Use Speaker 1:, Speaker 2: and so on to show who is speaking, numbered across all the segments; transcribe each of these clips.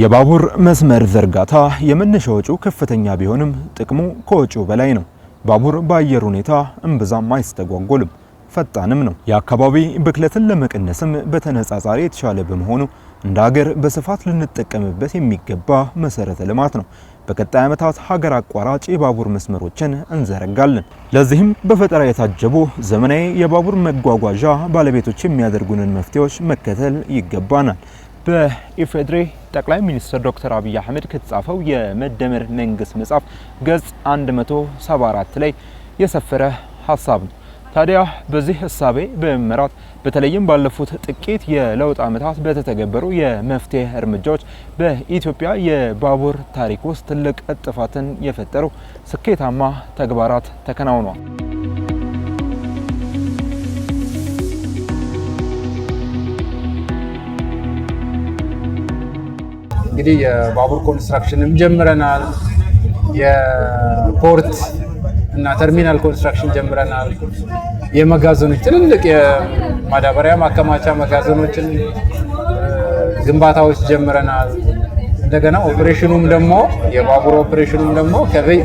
Speaker 1: የባቡር መስመር ዝርጋታ የመነሻ ወጪው ከፍተኛ ቢሆንም ጥቅሙ ከወጪው በላይ ነው። ባቡር በአየር ሁኔታ እምብዛም አይስተጓጎልም፣ ፈጣንም ነው። የአካባቢ ብክለትን ለመቀነስም በተነጻጻሪ የተሻለ በመሆኑ እንደ ሀገር በስፋት ልንጠቀምበት የሚገባ መሰረተ ልማት ነው። በቀጣይ ዓመታት ሀገር አቋራጭ የባቡር መስመሮችን እንዘረጋለን። ለዚህም በፈጠራ የታጀቡ ዘመናዊ የባቡር መጓጓዣ ባለቤቶች የሚያደርጉንን መፍትሄዎች መከተል ይገባናል። በኢፌድሬ ጠቅላይ ሚኒስትር ዶክተር አብይ አህመድ ከተጻፈው የመደመር መንግስት መጽሐፍ ገጽ 174 ላይ የሰፈረ ሀሳብ ነው። ታዲያ በዚህ እሳቤ በመመራት በተለይም ባለፉት ጥቂት የለውጥ ዓመታት በተተገበሩ የመፍትሄ እርምጃዎች በኢትዮጵያ የባቡር ታሪክ ውስጥ ትልቅ እጥፋትን የፈጠሩ ስኬታማ ተግባራት ተከናውነዋል።
Speaker 2: እንግዲህ የባቡር ኮንስትራክሽንም ጀምረናል። የፖርት እና ተርሚናል ኮንስትራክሽን ጀምረናል። የመጋዘኖች ትልልቅ የማዳበሪያ ማከማቻ መጋዘኖችን ግንባታዎች ጀምረናል። እንደገና ኦፕሬሽኑም ደግሞ የባቡር ኦፕሬሽኑም ደግሞ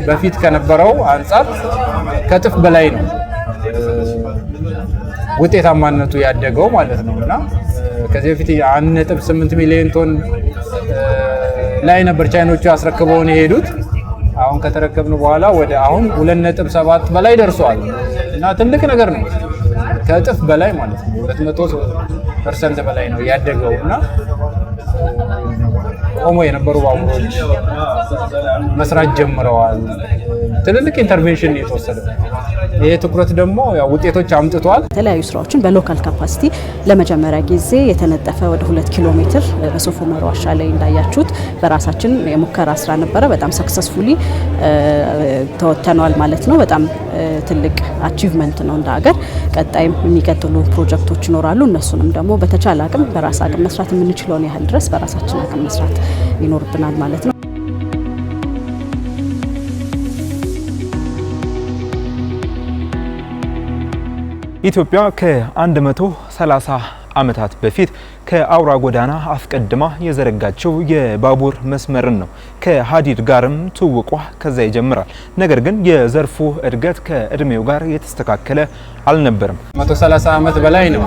Speaker 2: በፊት ከነበረው አንጻር ከጥፍ በላይ ነው ውጤታማነቱ ያደገው ማለት ነው እና ከዚህ በፊት 1.8 ሚሊዮን ቶን ላይ ነበር ቻይኖቹ ያስረክበውን የሄዱት። አሁን ከተረከብን በኋላ ወደ አሁን 2.7 በላይ ደርሷል እና ትልቅ ነገር ነው። ከእጥፍ በላይ ማለት ነው። 200 ፐርሰንት በላይ ነው ያደገው እና ቆሞ የነበሩ ባቡሮች መስራት ጀምረዋል። ትልልቅ ኢንተርቬንሽን የተወሰደ ይሄ ትኩረት ደግሞ ውጤቶች አምጥቷል።
Speaker 3: የተለያዩ ስራዎችን በሎካል ካፓሲቲ ለመጀመሪያ ጊዜ የተነጠፈ ወደ ሁለት ኪሎ ሜትር በሶፍ ዑመር ዋሻ ላይ እንዳያችሁት በራሳችን የሙከራ ስራ ነበረ። በጣም ሰክሰስፉሊ ተወተነዋል ማለት ነው። በጣም ትልቅ አቺቭመንት ነው እንደ ሀገር። ቀጣይም የሚቀጥሉ ፕሮጀክቶች ይኖራሉ። እነሱንም ደግሞ በተቻለ አቅም በራስ አቅም መስራት የምንችለውን ያህል ድረስ በራሳችን አቅም መስራት ይኖርብናል ማለት ነው።
Speaker 1: ኢትዮጵያ ከ130 ዓመታት በፊት ከአውራ ጎዳና አስቀድማ የዘረጋቸው የባቡር መስመርን ነው። ከሀዲድ ጋርም ትውቋ ከዛ ይጀምራል። ነገር ግን የዘርፉ እድገት ከእድሜው ጋር የተስተካከለ አልነበርም።
Speaker 2: 130 ዓመት በላይ ነው።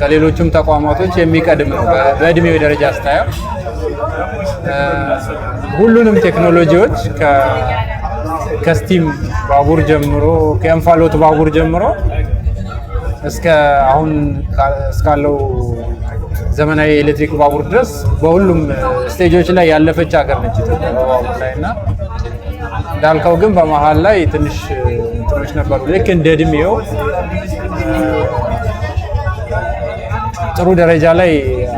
Speaker 2: ከሌሎችም ተቋማቶች የሚቀድም ነው በእድሜው ደረጃ ስታየው። ሁሉንም ቴክኖሎጂዎች ከስቲም ባቡር ጀምሮ ከእንፋሎት ባቡር ጀምሮ እስከ አሁን እስካለው ዘመናዊ የኤሌክትሪክ ባቡር ድረስ በሁሉም ስቴጆች ላይ ያለፈች ሀገር ነች ኢትዮጵያ ላይ እና እንዳልከው ግን በመሀል ላይ ትንሽ ትኖች ነበሩ። ልክ እንደ እድሜው ጥሩ ደረጃ ላይ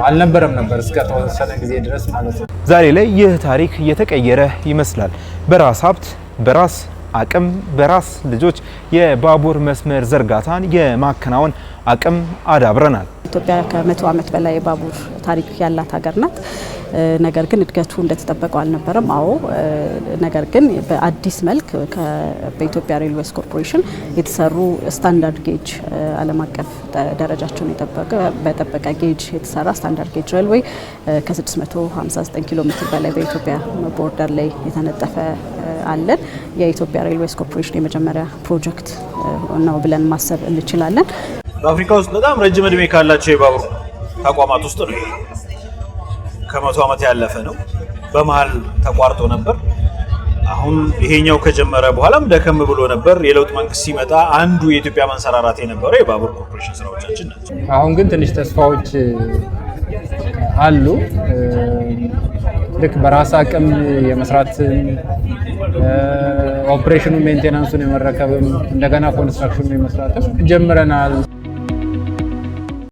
Speaker 2: አልነበረም ነበር እስከ ተወሰነ ጊዜ ድረስ ማለት ነው።
Speaker 1: ዛሬ ላይ ይህ ታሪክ እየተቀየረ ይመስላል። በራስ ሀብት በራስ አቅም በራስ ልጆች የባቡር መስመር ዘርጋታን የማከናወን አቅም አዳብረናል።
Speaker 3: ኢትዮጵያ ከመቶ ዓመት በላይ የባቡር ታሪክ ያላት ሀገር ናት። ነገር ግን እድገቱ እንደተጠበቀው አልነበረም። አዎ፣ ነገር ግን በአዲስ መልክ በኢትዮጵያ ሬልዌስ ኮርፖሬሽን የተሰሩ ስታንዳርድ ጌጅ ዓለም አቀፍ ደረጃቸውን በጠበቀ ጌጅ የተሰራ ስታንዳርድ ጌጅ ሬልዌይ ከ659 ኪሎ ሜትር በላይ በኢትዮጵያ ቦርደር ላይ የተነጠፈ አለን። የኢትዮጵያ ሬልዌስ ኮርፖሬሽን የመጀመሪያ ፕሮጀክት ነው ብለን ማሰብ እንችላለን።
Speaker 4: በአፍሪካ ውስጥ በጣም ረጅም እድሜ ካላቸው የባቡር ተቋማት ውስጥ ነው። ከመቶ ዓመት ያለፈ ነው። በመሀል ተቋርጦ ነበር። አሁን ይሄኛው ከጀመረ በኋላም ደከም ብሎ ነበር። የለውጥ መንግስት ሲመጣ አንዱ የኢትዮጵያ መንሰራራት የነበረው የባቡር ኮርፖሬሽን ስራዎቻችን ናቸው።
Speaker 2: አሁን ግን ትንሽ ተስፋዎች አሉ። ልክ በራስ አቅም የመስራትን ኦፕሬሽኑ ሜንቴናንሱን የመረከብም እንደገና ኮንስትራክሽኑ የመስራትም ጀምረናል።